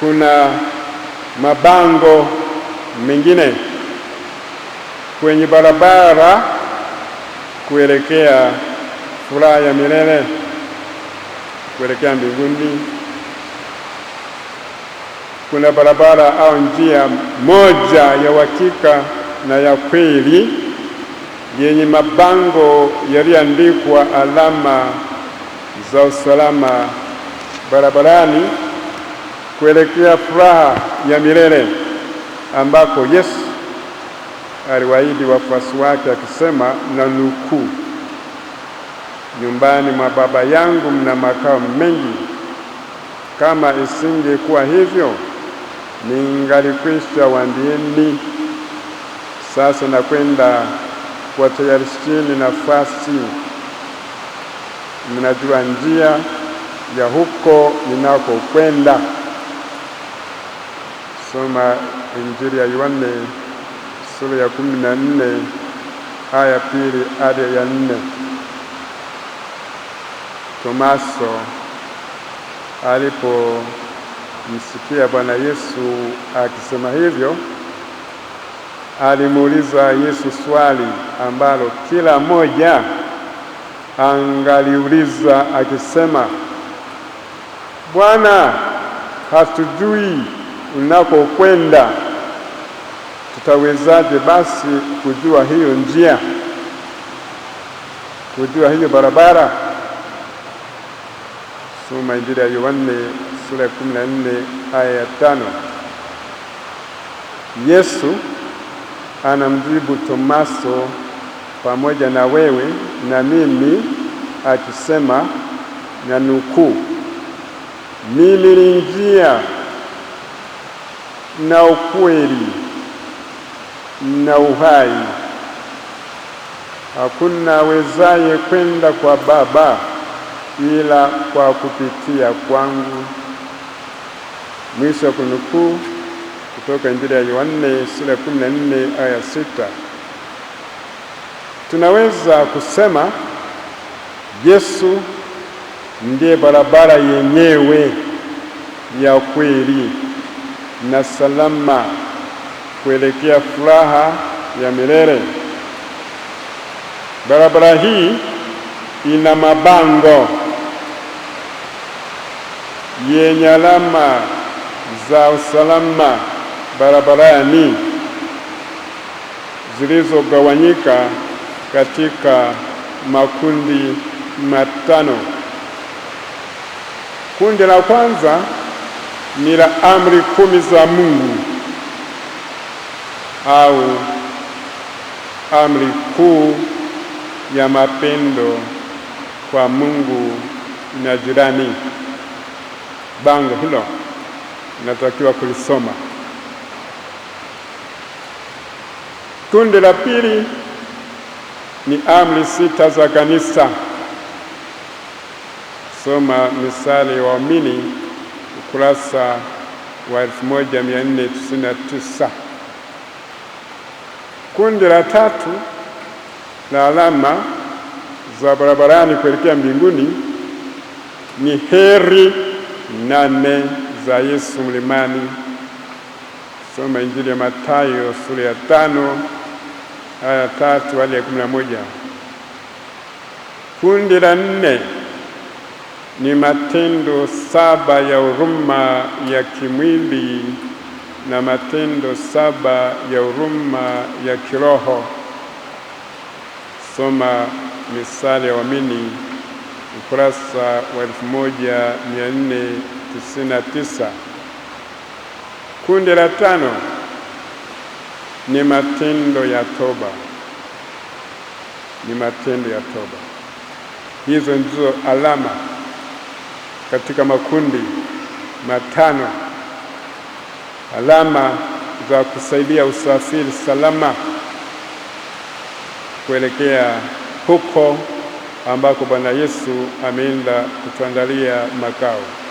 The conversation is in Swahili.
kuna mabango mengine kwenye barabara kuelekea furaha ya milele, kuelekea mbinguni. Kuna barabara au njia moja ya uhakika na ya kweli yenye mabango yaliyoandikwa alama za usalama barabarani kuelekea furaha ya milele ambako Yesu aliwaahidi wafuasi wake akisema, na nukuu, nyumbani mwa Baba yangu mna makao mengi, kama isingekuwa hivyo ningalikwisha waambieni. Sasa nakwenda kuwatayarisheni nafasi. Mnajua njia ya huko ninakokwenda. Soma Injili ya Yohane sura ya kumi na nne aya pili hadi ya nne. Tomaso alipomsikia Bwana Yesu akisema hivyo, alimuuliza Yesu swali ambalo kila mmoja angaliuliza akisema, Bwana, hatujui unakokwenda. Tutawezaje basi kujua hiyo njia, kujua hiyo barabara? Soma Injili ya Yohane sura ya kumi na nne aya ya tano. Yesu anamjibu Tomaso pamoja na wewe na mimi akisema, na nukuu, mimi ni njia na ukweli na uhai. Hakuna awezaye kwenda kwa Baba ila kwa kupitia kwangu. Mwisho wa kunukuu kutoka Injili ya Yohane sura ya 14 aya sita. Tunaweza kusema Yesu ndiye barabara yenyewe ya kweli na salama kuelekea furaha ya milele. Barabara hii ina mabango yenye alama za usalama barabarani zilizogawanyika katika makundi matano. Kundi la kwanza ni la amri kumi za Mungu au amri kuu ya mapendo kwa Mungu na jirani. Bango hilo inatakiwa kulisoma. Kundi la pili ni amri sita za kanisa. Soma misali ya waumini kurasa wa 1499. Kundi la tatu la alama za barabarani kuelekea mbinguni ni heri nane za Yesu mlimani. Soma Injili ya Mathayo sura ya tano aya tatu hadi ya kumi na moja. Kundi la nne ni matendo saba ya huruma ya kimwili na matendo saba ya huruma ya kiroho. Soma Misale ya Waamini ukurasa wa 1499. Kundi la tano ni matendo ya toba, ni matendo ya toba. Hizo ndizo alama katika makundi matano. Alama za kusaidia usafiri salama kuelekea huko ambako Bwana Yesu ameenda kutuandalia makao.